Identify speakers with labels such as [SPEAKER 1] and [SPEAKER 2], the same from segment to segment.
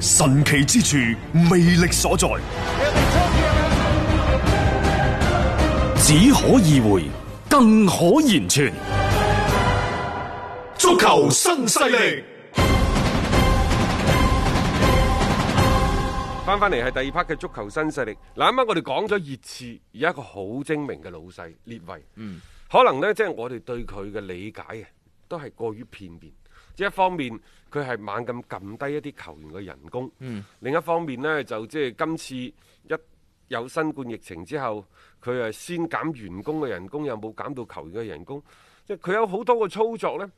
[SPEAKER 1] 神奇之處，魅力所在，只可意會，更可言傳。足球新勢力，
[SPEAKER 2] 翻翻嚟係第二 part 嘅足球新勢力。嗱，啱啱我哋講咗熱刺，有一個好精明嘅老細列維，嗯，可能咧即係我哋對佢嘅理解啊，都係過於片面。一方面佢係猛咁撳低一啲球員嘅人工、嗯，另一方面呢就即係今次一有新冠疫情之後，佢係先減員工嘅人工，又冇減到球員嘅人工，即係佢有好多個操作呢，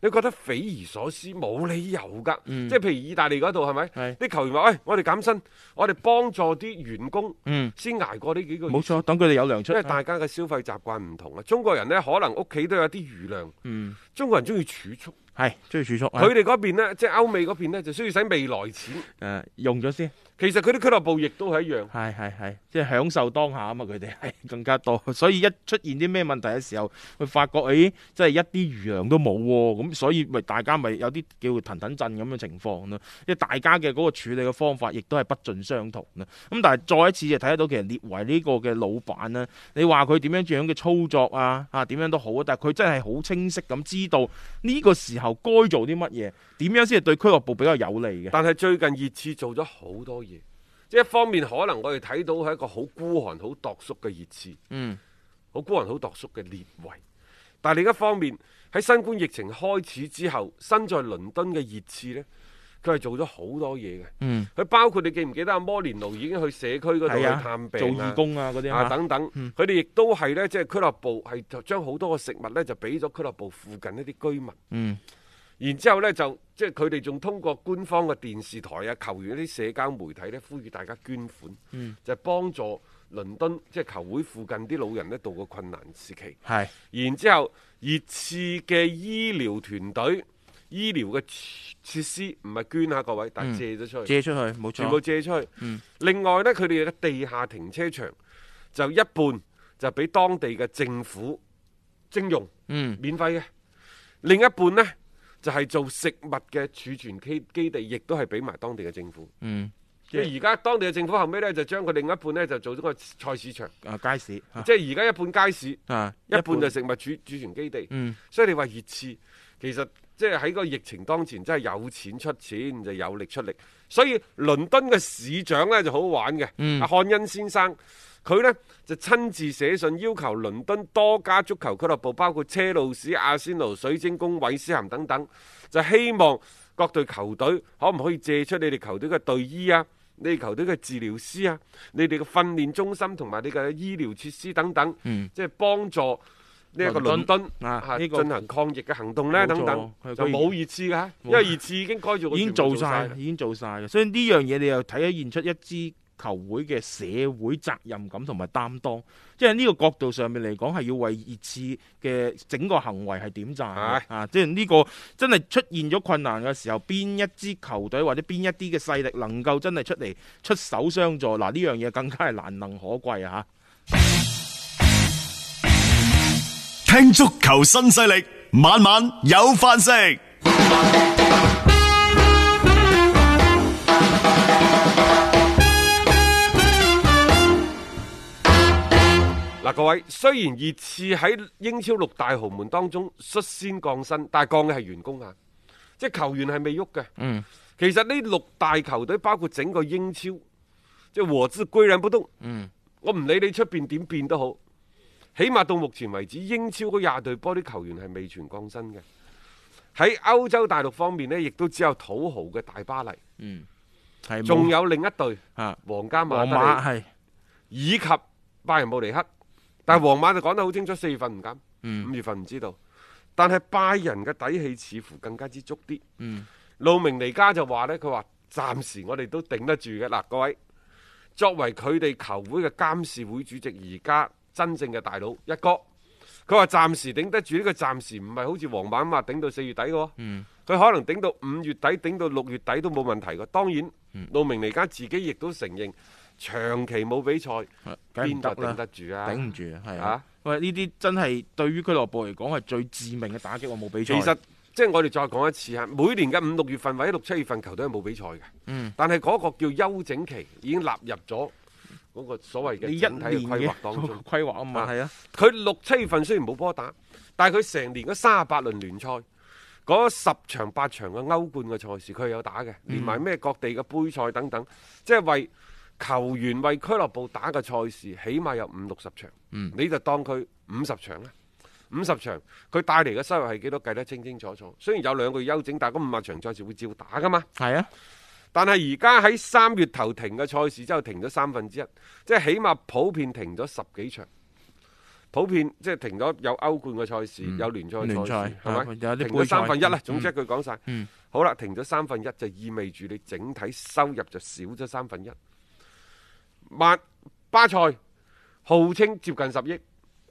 [SPEAKER 2] 你覺得匪夷所思，冇理由㗎、嗯。即係譬如意大利嗰度係咪？啲球員話，喂、哎，我哋減薪，我哋幫助啲員工、嗯、先捱過呢幾個月。冇錯，
[SPEAKER 1] 等佢哋有糧出。因為大
[SPEAKER 2] 家嘅消費習慣唔同啊、哎，中國人呢可能屋企都有啲餘糧、嗯，
[SPEAKER 1] 中國人中意儲蓄。係需要儲蓄，佢哋
[SPEAKER 2] 嗰邊咧，即、就、係、是、歐美嗰
[SPEAKER 1] 邊咧，就需要使未來錢，誒、呃、用咗先。其實佢啲俱樂部亦都係一樣，係係係，即係享受當下啊嘛！佢哋係更加多，所以一出現啲咩問題嘅時候，會發覺誒、欸，真係一啲餘糧都冇喎，咁所以咪大家咪有啲叫做騰騰震咁嘅情況咯。因為大家嘅嗰個處理嘅方法亦都係不盡相同啦。咁但係再一次就睇得到，其實列維呢個嘅老闆咧，你話佢點樣樣嘅操作啊，啊點樣都好，啊，但係佢真係好清晰咁知道呢個時候。該做啲乜嘢？點樣先係對俱樂部比較有利嘅？但係最近熱刺做咗好多嘢，
[SPEAKER 2] 即係一方面可能我哋睇到係一個好孤寒、好墮縮嘅熱刺，
[SPEAKER 1] 嗯，
[SPEAKER 2] 好孤寒、好墮縮嘅列維。但係另一方面喺新冠疫情開始之後，身在倫敦嘅熱刺呢，佢係做咗好多嘢嘅，嗯，佢包括你記唔記得阿摩連奴已經去社區嗰度去探病、啊啊、做義工啊嗰啲啊等等，佢哋亦都係呢，即係俱樂部係就將好多嘅食物呢，就俾咗俱樂部附近一啲居民，嗯。然之後呢，就即係佢哋仲通過官方嘅電視台啊、球員啲社交媒體呢，呼籲大家捐款，嗯、就幫助倫敦即係、就是、球會附近啲老人呢度過困難時期。係。然之後熱刺嘅醫療團隊、醫療嘅設施唔係捐下各位，但係借咗出去，借出去冇錯，全部借出去。嗯、另外呢，佢哋嘅地下停車場就一半就俾當地嘅政府徵用，嗯、免費嘅，另一半呢。就係、是、做食物嘅儲存基基地，亦都係俾埋當地嘅政府。嗯，即係而家當地嘅政府後尾咧，就將佢另一半咧，就做咗個菜市場啊街市。啊、即係而家一半街市啊，一半就食物儲儲、啊、存基地。嗯、所以你話熱刺，其實即係喺個疫情當前，真係有錢出錢就有力出力。所以倫敦嘅市長咧就好好玩嘅，漢、嗯啊、恩先生。佢呢就親自寫信要求倫敦多家足球俱樂部，包括車路士、阿仙奴、水晶宮、韋斯咸等等，就希望各隊球隊可唔可以借出你哋球隊嘅隊醫啊，你哋球隊嘅治療師啊，你哋嘅訓練中心同埋你嘅醫療設施等等，即、嗯、係、就是、幫助呢一個倫敦
[SPEAKER 1] 啊進行抗疫嘅行動呢等等，就冇熱刺嘅，因為熱刺已經開咗已經做晒，已經做晒。所以呢樣嘢你又體現出一支球會嘅社會責任感同埋擔當，即係呢個角度上面嚟講，係要為熱刺嘅整個行為係點讚啊，即係呢個真係出現咗困難嘅時候，邊一支球隊或者邊一啲嘅勢力能夠真係出嚟出手相助，嗱，呢樣嘢更加係難能可貴啊！聽足球新勢力，晚晚有飯食。
[SPEAKER 2] 啊、各位，雖然熱刺喺英超六大豪門當中率先降薪，但係降嘅係員工啊，即係球員係未喐嘅。嗯，其實呢六大球隊包括整個英超，即係和之巋然不動。嗯，我唔理你出邊點變都好，起碼到目前為止，英超嗰廿隊波啲球員係未全降薪嘅。喺歐洲大陸方面呢，亦都只有土豪嘅大巴黎。嗯，仲有另一隊皇、啊、家馬德里，以及拜仁慕尼黑。但係皇馬就講得好清楚，四月份唔敢，五、嗯、月份唔知道。但係拜仁嘅底氣似乎更加之足啲。路、嗯、明尼加就話呢，佢話暫時我哋都頂得住嘅。嗱，各位，作為佢哋球會嘅監事會主席，而家真正嘅大佬一哥，佢話暫時頂得住呢、這個暫時，唔係好似皇馬咁話頂到四月底喎，佢、嗯、可能頂到五月底，頂到六月底都冇問題喎。當然，路明尼加自己亦都承認。長期冇比
[SPEAKER 1] 賽，邊度頂得住啊？頂唔住係
[SPEAKER 2] 啊！喂，呢啲真係對於俱樂部嚟講
[SPEAKER 1] 係最致命嘅打擊。我冇比賽，其實即
[SPEAKER 2] 係、就是、我哋再講一次啊！每年嘅五六月份或者六七月份，月份球隊係冇比賽嘅、嗯。但係嗰個叫休整期，已經納入咗嗰個所謂嘅整體嘅規劃當中。規劃啊嘛，係啊！佢六七月份雖然冇波打，但係佢成年嗰三十八輪聯賽，嗰十場八場嘅歐冠嘅賽事，佢係有打嘅、嗯，連埋咩各地嘅杯賽等等，即、就、係、是、為。球員為俱樂部打嘅賽事，起碼有五六十場，嗯、你就當佢五十場啦。五十場佢帶嚟嘅收入係幾多？計得清清楚楚。雖然有兩個月休整，但係五十場賽事會照打噶嘛。係啊，但係而家喺三月頭停嘅賽事之後，停咗三分之一，即係起碼普遍停咗十幾場，普遍即係停咗有歐冠嘅賽事，嗯、有聯賽嘅賽事，係咪？停咗三分一啦，總之一句講晒、嗯嗯。好啦，停咗三分一就意味住你整體收入就少咗三分一。曼巴塞號稱接近十億，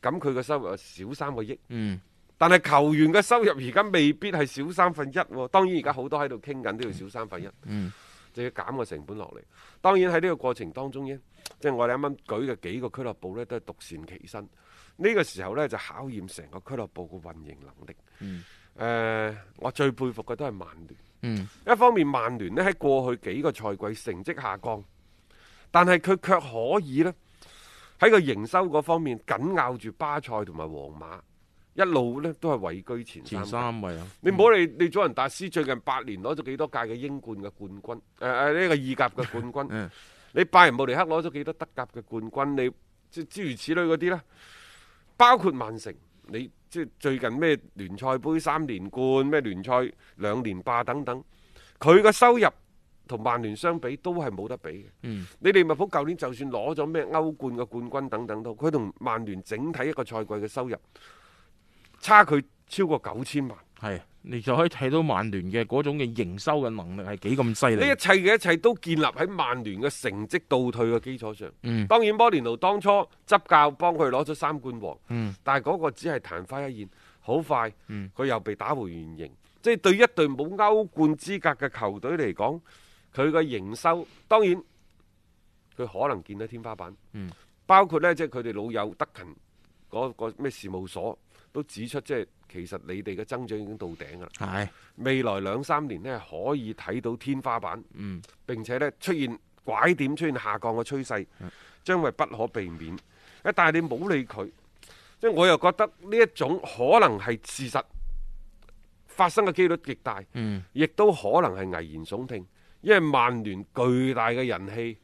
[SPEAKER 2] 咁佢個收入少三個億、嗯，但係球員嘅收入而家未必係少三,、哦、三分一。當然而家好多喺度傾緊都要少三分一，就要減個成本落嚟。當然喺呢個過程當中呢，呢即係我哋啱啱舉嘅幾個俱樂部呢，都係獨善其身。呢、呢個時候呢，就考驗成個俱樂部嘅運營能力。誒、嗯呃，我最佩服嘅都係曼聯、嗯。一方面曼聯，曼聯呢喺過去幾個賽季成績下降。但係佢卻可以呢，喺個營收嗰方面緊咬住巴塞同埋皇馬，一路
[SPEAKER 1] 呢都係位居前三。前三位啊！嗯、
[SPEAKER 2] 你唔好理你祖雲達斯最近八年攞咗幾多屆嘅英冠嘅冠軍？誒誒呢個二甲嘅冠軍？ 你拜仁慕尼克攞咗幾多德甲嘅冠軍？你即諸如此類嗰啲呢，包括曼城，你即係最近咩聯賽杯三連冠，咩聯賽兩連霸等等，佢個收入。同曼聯相比都係冇得比嘅、嗯。你利物浦舊年就算攞咗咩歐冠嘅冠軍等等都，佢同曼聯整體一個賽季嘅收入差
[SPEAKER 1] 距超過九千萬。係，你就可以睇到曼聯嘅嗰種嘅營收嘅能力係幾咁犀利。呢一
[SPEAKER 2] 切嘅一切都建立喺曼聯嘅成績倒退嘅基礎上。嗯、當然，摩連奴當初執教幫佢攞咗三冠王，嗯、但係嗰個只係曇花一現，好快佢又被打回原形。即、嗯、係、就是、對一隊冇歐冠資格嘅球隊嚟講。佢嘅營收當然佢可能見到天花板，嗯、包括呢，即係佢哋老友德勤嗰個咩事務所都指出，即係其實你哋嘅增長已經到頂噶啦。係未來兩三年呢，可以睇到天花板，嗯、並且呢，出現拐點、出現下降嘅趨勢，將會不可避免。啊，但係你冇理佢，即係我又覺得呢一種可能係事實發生嘅機率極大，亦、嗯、都可能係危言聳聽。因為曼聯巨大嘅人氣，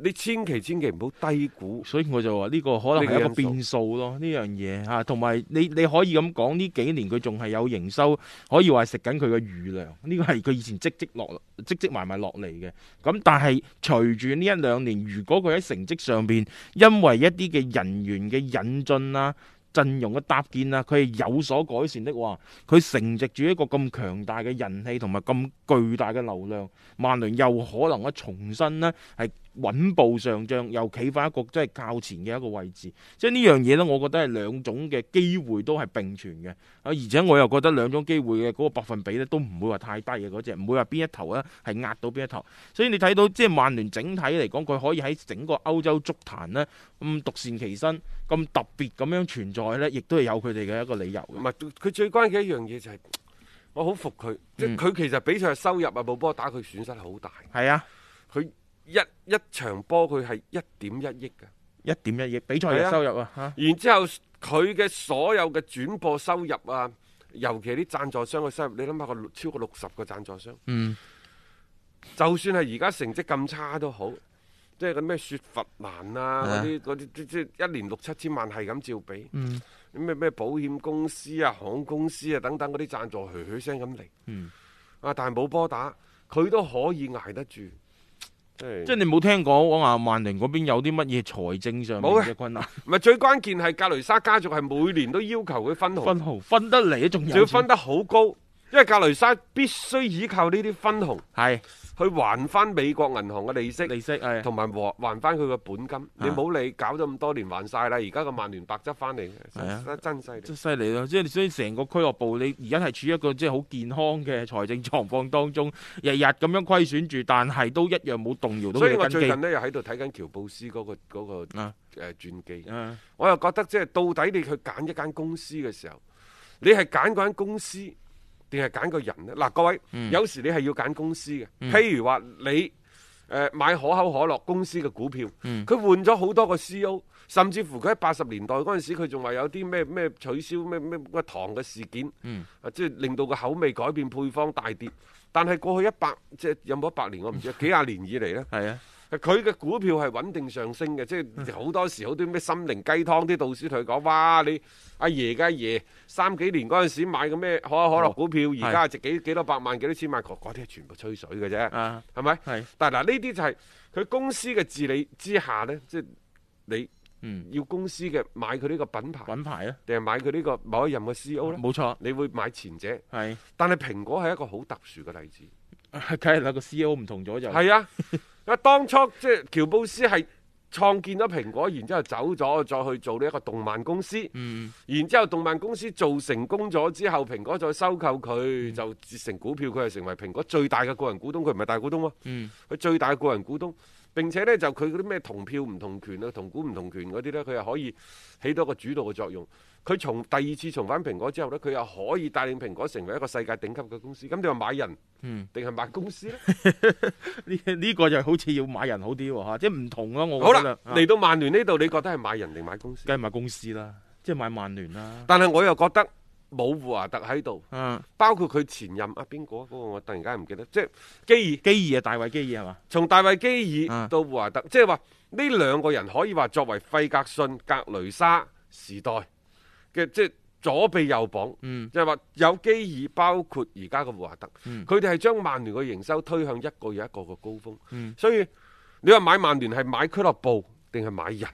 [SPEAKER 2] 你千祈千祈唔
[SPEAKER 1] 好低估，所以我就話呢個可能係一個變數咯，呢樣嘢吓，同埋你你可以咁講，呢幾年佢仲係有營收，可以話食緊佢嘅餘糧，呢個係佢以前積積落積積埋埋落嚟嘅。咁但係隨住呢一兩年，如果佢喺成績上邊，因為一啲嘅人員嘅引進啦。陣容嘅搭建啊，佢係有所改善的話，佢承接住一個咁強大嘅人氣同埋咁巨大嘅流量，曼聯又可能啊重新呢。係。穩步上漲，又企翻一個即係較前嘅一個位置，即係呢樣嘢呢，我覺得係兩種嘅機會都係並存嘅啊！而且我又覺得兩種機會嘅嗰個百分比呢，都唔會話太低嘅嗰隻，唔會話邊一頭呢，係壓到邊一頭。所以你睇到即係曼聯整體嚟講，佢可以喺整個歐洲足壇呢，咁獨善其身，咁特別咁樣存在呢，亦都係有佢哋嘅一個理由。佢最關鍵一樣嘢就係、是、我好服佢，即佢其實比賽收入
[SPEAKER 2] 啊冇波打，佢損失係好大。嗯、係啊，佢。一一場波佢係一點一億嘅，一點一億比賽嘅收入啊，然之後佢嘅所有嘅轉播收入啊，尤其啲讚助商嘅收入，你諗下個超過六十個讚助商，嗯，就算係而家成績咁差都好，即係個咩雪佛蘭啊，嗰啲啲即係一年六七千萬係咁照俾，咩、嗯、咩保險公司啊、航空公司啊等等嗰啲讚助嘘嘘聲咁嚟，啊，但係冇波打，佢都可以捱得住。即係你
[SPEAKER 1] 冇聽講，我話萬寧嗰邊有啲乜嘢財政上冇嘅困難？
[SPEAKER 2] 唔係，最關鍵係格雷莎家族係每年都要求佢分紅，分紅分得嚟，仲要分得好高，因為格雷莎必須依靠呢啲分紅係。佢還翻美國銀行嘅利息，利息同埋還還翻佢嘅本金。你冇理，搞咗咁多年還晒啦。而家個曼聯白執翻嚟嘅，真犀利！
[SPEAKER 1] 真犀利咯！即係所以成個俱樂部，你而家係處於一個即係好健康嘅財政狀況當中，日日咁樣虧損住，但係都一樣冇動搖到。所以我最近呢
[SPEAKER 2] 又喺度睇緊喬布斯嗰個嗰個誒傳記。我又覺得即係到底你去揀一間公司嘅時候，你係揀嗰間公司，定係揀個人咧，嗱，各位、嗯，有時你係要揀公司嘅，譬如話你誒、呃、買可口可樂公司嘅股票，佢、嗯、換咗好多個 CEO，甚至乎佢喺八十年代嗰陣時，佢仲話有啲咩咩取消咩咩乜糖嘅事件，啊，即係令到個口味改變配方大跌，但係過去一百即係有冇一百年我唔知道、嗯，幾廿年以嚟呢？係啊。佢嘅股票係穩定上升嘅，即係好多時，好多啲咩心靈雞湯啲導師同佢講：，哇！你阿爺嘅阿爺三幾年嗰陣時買個咩可口可，可樂股票，而、哦、家值幾幾多百萬、幾多千萬，嗰嗰啲係全部吹水嘅啫。係、啊、咪？但係嗱，呢啲就係佢公司嘅治理之下咧，即、就、係、是、你要公司嘅買佢呢個品牌，品牌咧，定係買佢呢個某一任嘅 CEO 咧？冇錯，你會買前者。係，但係蘋果係一個好特殊嘅例子。梗係啦，個 CEO 唔同咗就係啊。 嗱，當初即喬布斯係創建咗蘋果，然之後走咗，再去做呢一個動漫公司。
[SPEAKER 1] 嗯、
[SPEAKER 2] 然之後動漫公司做成功咗之後，蘋果再收購佢、嗯，就折成股票。佢係成為蘋果最大嘅個人股東，佢唔係大股東喎。佢、嗯、最大嘅個人股東。並且咧就佢嗰啲咩同票唔同權啊、同股唔同權嗰啲咧，佢又可以起到一個主導嘅作用。佢從第二次重返蘋果之後咧，佢又可以帶領蘋果成為一個世界頂級嘅公司。咁你話買人，嗯，定係買公司
[SPEAKER 1] 咧？呢 呢個就好似要買人好啲喎，即係唔同啊！我好啦，嚟到曼聯呢度，你覺得係買人定買公司？梗係買公司啦，即係買曼聯啦。但係我又覺
[SPEAKER 2] 得。冇胡華特喺度、啊，包括佢前任啊，邊個嗰、嗰個我突然間唔記得，即係基爾基爾啊，大衛基爾係嘛？從大衛基爾到胡華特，啊、即係話呢兩個人可以話作為費格遜格雷沙時代嘅，即係左臂右膀，即係話有基爾，包括而家嘅胡華特，佢哋係將曼聯嘅營收推向一個又一個嘅高峰、嗯，所以你話買曼聯係買俱樂部定係買人、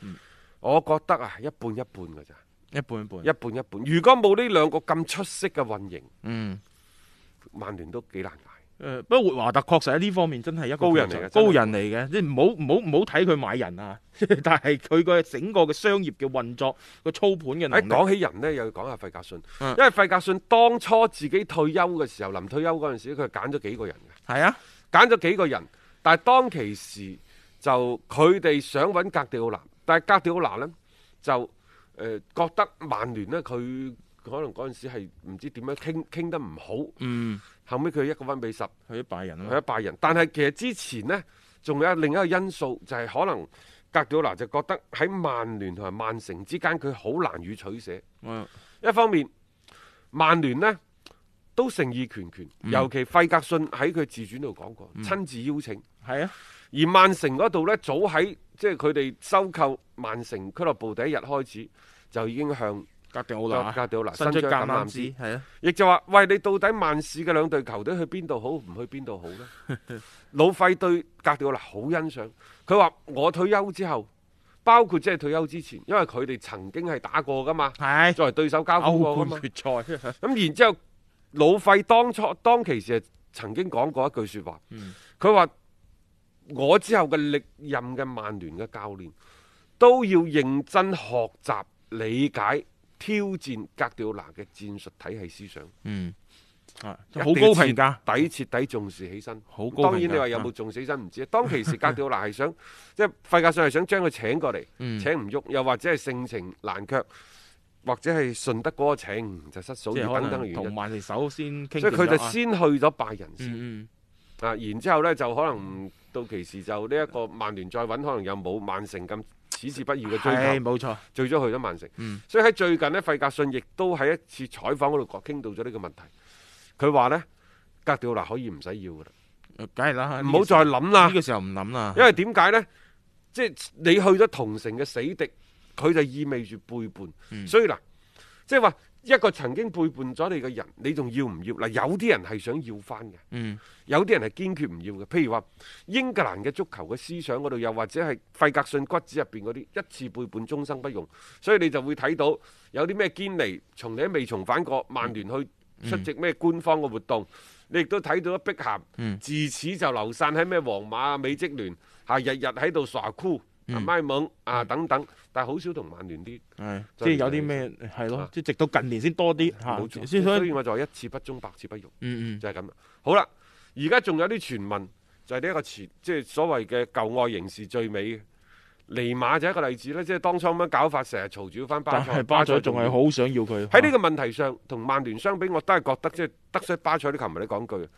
[SPEAKER 2] 嗯？我覺得啊，一半一半㗎咋。一半一半，一半一半。如果冇呢兩個咁出色嘅運營，嗯，曼聯都幾難捱。誒、
[SPEAKER 1] 呃，不過華特確實喺呢方面真係一個高人嚟嘅，高人嚟嘅。你唔好唔好唔好睇佢買人啊， 但係佢個整個嘅商業嘅運作，個操盤嘅能力。講起人呢，又要講
[SPEAKER 2] 下費格遜、嗯，因為費格遜當初自己退休嘅時候，臨退休嗰陣時，佢揀咗幾個人嘅。係啊，揀咗幾個人，但係當其時就佢哋想搵格迪奧拿，但係格迪奧拿呢。就。誒、呃、覺得曼聯呢，佢可能嗰陣時係唔知點樣傾傾得唔好，嗯，後尾佢一個分俾十，去咗拜仁咯，去咗拜仁。但係其實之前呢，仲有另一個因素就係、是、可能哥迪奧拿就覺得喺曼聯同埋曼城之間佢好難與取捨。嗯，一方面曼聯呢都誠意拳拳，尤其費格遜喺佢自傳度講過、嗯，親自邀請。係、嗯、啊，而曼城嗰度呢，早喺。即係佢哋收購曼城俱樂部第一日開始，就已經向格迪奧拉，格迪奧拉，伸出橄欖枝係啊，亦就話：喂，你到底曼市嘅兩隊球隊去邊度好，唔去邊度好咧？ 老費對格迪奧拉，好欣賞。佢話：我退休之後，包括即係退休之前，因為佢哋曾經係打過㗎嘛，係作為對手交鋒過㗎嘛，冠冠冠冠 然之後老費當初當其時係曾經講過一句説話，佢、嗯、話。我之後嘅歷任嘅曼聯嘅教練都要認真學習、理解、挑戰哥迪奧拿嘅戰術體系思想。嗯，好高評價，底徹底重視起身。好、嗯，當然你話有冇重視起身唔、嗯、知。當其時哥迪奧拿係想，啊、即係費格遜係想將佢請過嚟、嗯，請唔喐，又或者係性情難卻，或者係順德嗰個請就失數等等，等原因。同埋聯首先，所以佢就先去咗拜仁先。嗯嗯。啊，然之後呢，就可能到期時就呢一個曼聯再揾，可能又冇曼城咁矢志不渝嘅追求。係，冇錯。最早去咗曼城。所以喺最近呢，費格遜亦都喺一次採訪嗰度傾到咗呢個問題。佢話呢，格調啦可以唔使要噶啦。梗係啦，唔好再
[SPEAKER 1] 諗啦。呢個時候唔諗啦。因
[SPEAKER 2] 為點解呢？即係你去咗同城嘅死敵，佢就意味住背叛。嗯、所以嗱，即係話。一個曾經背叛咗你嘅人，你仲要唔要？嗱，有啲人係想要翻嘅，有啲人係堅決唔要嘅。譬如話英格蘭嘅足球嘅思想嗰度，又或者係費格遜骨子入邊嗰啲一次背叛，終生不用，所以你就會睇到有啲咩堅尼從嚟未重返過曼聯去出席咩官方嘅活動，嗯、你亦都睇到咗碧鹹、嗯、自此就流散喺咩皇馬、美職聯，係日日喺度耍酷。阿麥蒙啊，、嗯、啊等等，嗯、但係好少同曼聯啲，
[SPEAKER 1] 即係、就是、有啲咩係咯，即係直到近年先多啲吓、啊啊。所以我就係
[SPEAKER 2] 一次不忠百次不容，嗯嗯，就係咁啦。
[SPEAKER 1] 好啦，而
[SPEAKER 2] 家仲有啲傳聞，就係呢一個詞，即、就、係、是、所謂嘅舊愛仍是最美嘅。尼馬就係一個例子咧，即、就、係、是、當初咁樣搞法，成日嘈住要翻巴塞，巴塞仲係好
[SPEAKER 1] 想要佢。喺
[SPEAKER 2] 呢個問題上，同曼聯相比，我都係覺得、啊、即係得失巴塞啲琴日你講句，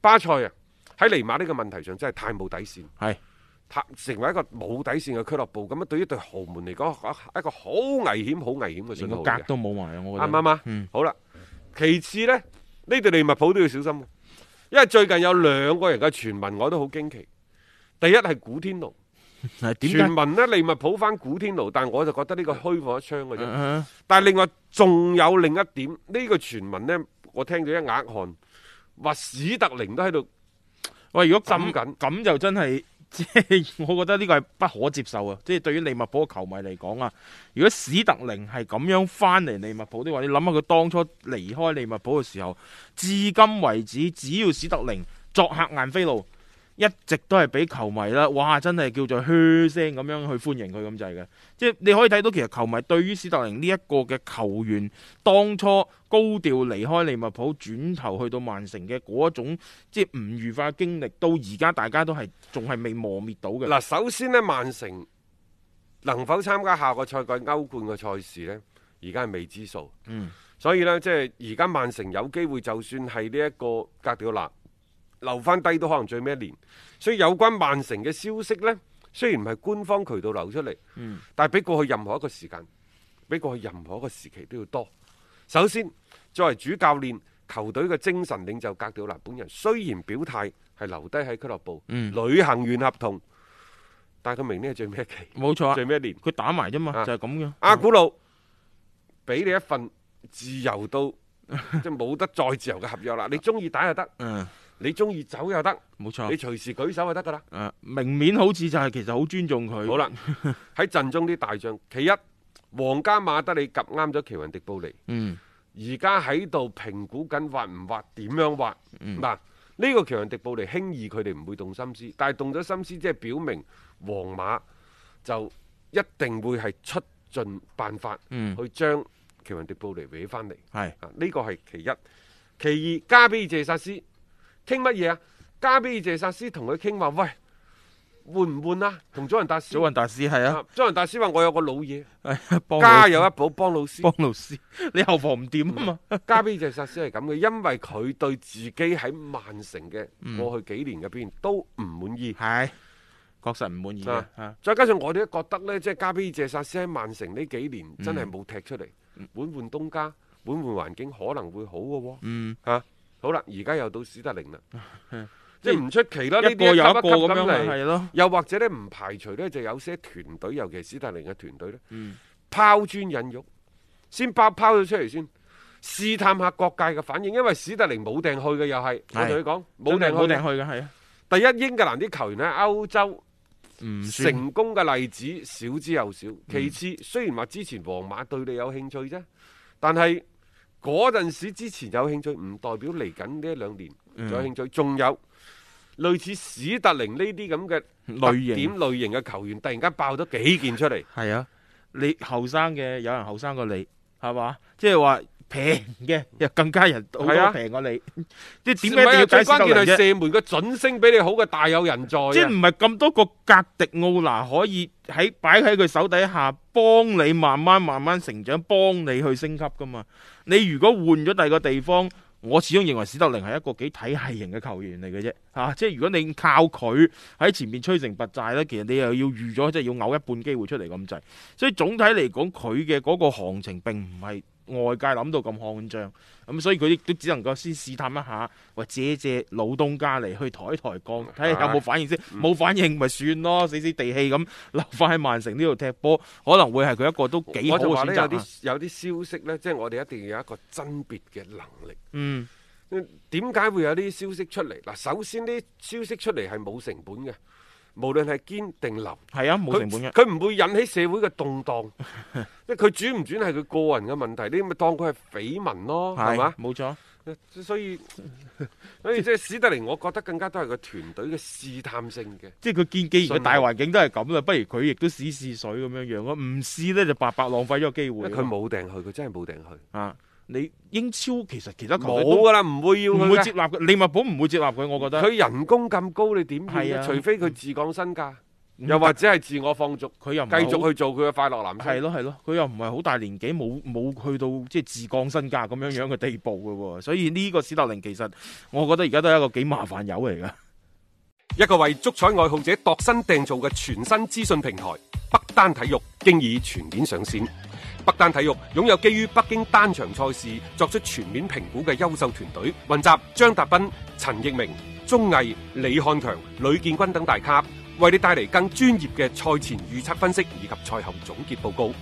[SPEAKER 2] 巴塞啊，喺尼馬呢個問題上真係太冇底線。係。成為一個冇底線嘅俱樂部，咁啊對於對豪門嚟講，一個好危險、好危險嘅信號。個格,格
[SPEAKER 1] 都冇埋，我啱唔啱啊？嗯，
[SPEAKER 2] 好啦。其次呢，呢對利物浦都要小心，因為最近有兩個人嘅傳聞，我都好驚奇。第一係古天奴，
[SPEAKER 1] 係點？傳
[SPEAKER 2] 聞咧，利物浦翻古天奴，但係我就覺得呢個虛放一槍嘅啫。啊啊啊但係另外仲有另一點，呢、呢個傳聞呢，我聽到一額汗，話史特靈都喺度
[SPEAKER 1] 喂，如果咁緊咁，咁就真係。即 係我覺得呢個係不可接受啊！即係對於利物浦嘅球迷嚟講啊，如果史特靈係咁樣翻嚟利物浦的話，都話你諗下佢當初離開利物浦嘅時候，至今為止只要史特靈作客硬飛路。一直都係俾球迷啦，哇！真係叫做噓聲咁樣去歡迎佢，咁就係嘅，即係你可以睇到其實球迷對於斯特林呢一個嘅球員當初高調離開利物浦，轉頭去到曼城嘅嗰一種即係唔愉快嘅經歷，到而家大家都係仲係未磨滅到嘅。嗱，首先呢，曼城
[SPEAKER 2] 能否參加下個賽季歐冠嘅賽事呢？而家係未知數。嗯，所以呢，即係而家曼城有機會，就算係呢一個格調啦。留翻低都可能最屘一年，所以有關曼城嘅消息呢，雖然唔係官方渠道流出嚟、嗯，但係比過去任何一個時間，比過去任何一個時期都要多。首先，作為主教練，球隊嘅精神領袖格調蘭本人雖然表態係留低喺俱樂部、嗯，履行完合同，但係佢明呢係最屘期，冇錯、啊，最屘一年，佢打埋啫嘛，啊、就係、是、咁樣。阿、啊、古路俾、嗯、你一份自由到即係冇得再自由嘅合約啦，你中意打就得。嗯你中意走
[SPEAKER 1] 又得，冇錯。你隨時
[SPEAKER 2] 舉手就得噶啦。
[SPEAKER 1] 啊，明面好似就係其實好尊重佢。好啦，
[SPEAKER 2] 喺 陣中啲大將，其一，皇家馬德里夾啱咗奇雲迪布尼。嗯，而家喺度評估緊劃唔劃，點樣劃？嗱、嗯、呢、啊這個奇雲迪布尼輕易佢哋唔會動心思，但係動咗心思，即係表明皇馬就一定會係出盡辦法去將奇雲迪布尼搣翻嚟。係、嗯、啊、呢、這個係其一。其二，加比謝薩斯。傾乜嘢啊？加比爾謝薩斯同佢傾話，喂，換唔換啊？同祖雲達斯，祖雲達斯係啊，祖雲達斯話我有個老嘢，
[SPEAKER 1] 係家有一寶幫老師，幫老，老師，
[SPEAKER 2] 你後防唔掂啊嘛？嗯、 加比爾謝薩斯係咁嘅，因為佢對自己喺曼城嘅過去幾年嘅表現都唔滿意，係確實唔滿意、啊啊。再加上我哋都覺得呢，即係加比爾謝薩斯喺曼城呢幾年真係冇踢出嚟，換、嗯、換東家，換換環境可能會好嘅喎、啊。嗯，吓、啊。好啦，而家又到史特林啦，即係唔出奇啦，呢個有一個咁樣，又或者咧唔排除呢，就有些團隊，尤其史特林嘅團隊呢，拋、嗯、磚引玉，先拋拋咗出嚟先，試探下各界嘅反應，因為史特林冇掟去嘅又係，我同你講冇掟去嘅係啊，第一英格蘭啲球員喺歐洲成功嘅例子少之又少，其次、嗯、雖然話之前皇馬對你有興趣啫，但係。嗰陣時之前有興趣，唔代表嚟緊呢一兩年有興趣。仲有類似史特靈呢啲咁嘅類型、點類型嘅球員，突然間爆咗幾
[SPEAKER 1] 件出嚟。係啊，你後生嘅有人後生過你，係嘛？即係話。平嘅又更加人好啊，平過你。係點解最關鍵係射門
[SPEAKER 2] 嘅準星比你好嘅大有人在？
[SPEAKER 1] 即係唔係咁多個格迪奧拿可以喺擺喺佢手底下幫你慢慢慢慢成長，幫你去升級噶嘛？你如果換咗第二個地方，我始終認為史特靈係一個幾體系型嘅球員嚟嘅啫啊！即係如果你靠佢喺前面吹成拔寨咧，其實你又要預咗，即係要嘔一半機會出嚟咁滯。所以總體嚟講，佢嘅嗰個行情並唔係。外界諗到咁慌張，咁、嗯、所以佢亦都只能夠先試探一下，或借借老東家嚟去抬抬槓，睇下有冇反應先，冇反應咪算咯、嗯，死死地氣咁留翻喺曼城呢度踢波，可能會係佢一個都幾好嘅選擇。
[SPEAKER 2] 有啲消息呢，即係我哋一定要有一個甄別嘅能力。嗯，點解會有啲消息出嚟？嗱，首先啲消息出嚟係冇成本嘅。無論係堅定立，
[SPEAKER 1] 係啊，冇成本，佢唔
[SPEAKER 2] 會引起社會嘅動盪，即係佢轉唔轉係佢個人嘅問題，你咪當佢係緋聞咯，係嘛？冇錯，所以所以即係史特寧， 我覺得更加都係個團隊嘅試探性嘅，即係佢見既然個大
[SPEAKER 1] 環境都係咁啦，不如佢亦都試試水咁樣樣，我唔試咧，就白白浪費咗個機會。佢冇訂去，佢真係冇訂去啊。你英超其實其他球都冇噶啦，唔會要佢，唔會接納嘅。利物浦唔會接納佢，我覺得佢人工咁高，你點變，啊？除非
[SPEAKER 2] 佢自降身價，又或者係自我放逐，佢又繼續去
[SPEAKER 1] 做佢嘅快樂男生。係咯係咯，佢又唔係好大年紀，冇冇去到即係、就是、自降身價咁樣樣嘅地步噶，所以呢個史特靈其實我覺得而家都係一個幾麻煩友嚟噶。一個為足彩愛好者度身訂造嘅全新資訊平台
[SPEAKER 2] 北單體育，經已全面上線。北單體育擁有基於北京單場賽事作出全面評估嘅優秀團隊，雲集張達斌、陳奕明、鍾毅、李漢強、呂建軍等大咖，為你帶嚟更專業嘅賽前預測分析以及賽後總結報告。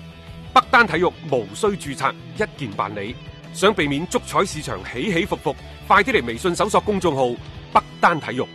[SPEAKER 2] 北單體育無需註冊，一鍵辦理。想避免足彩市場起起伏伏，快啲嚟微信搜索公眾號北單體育。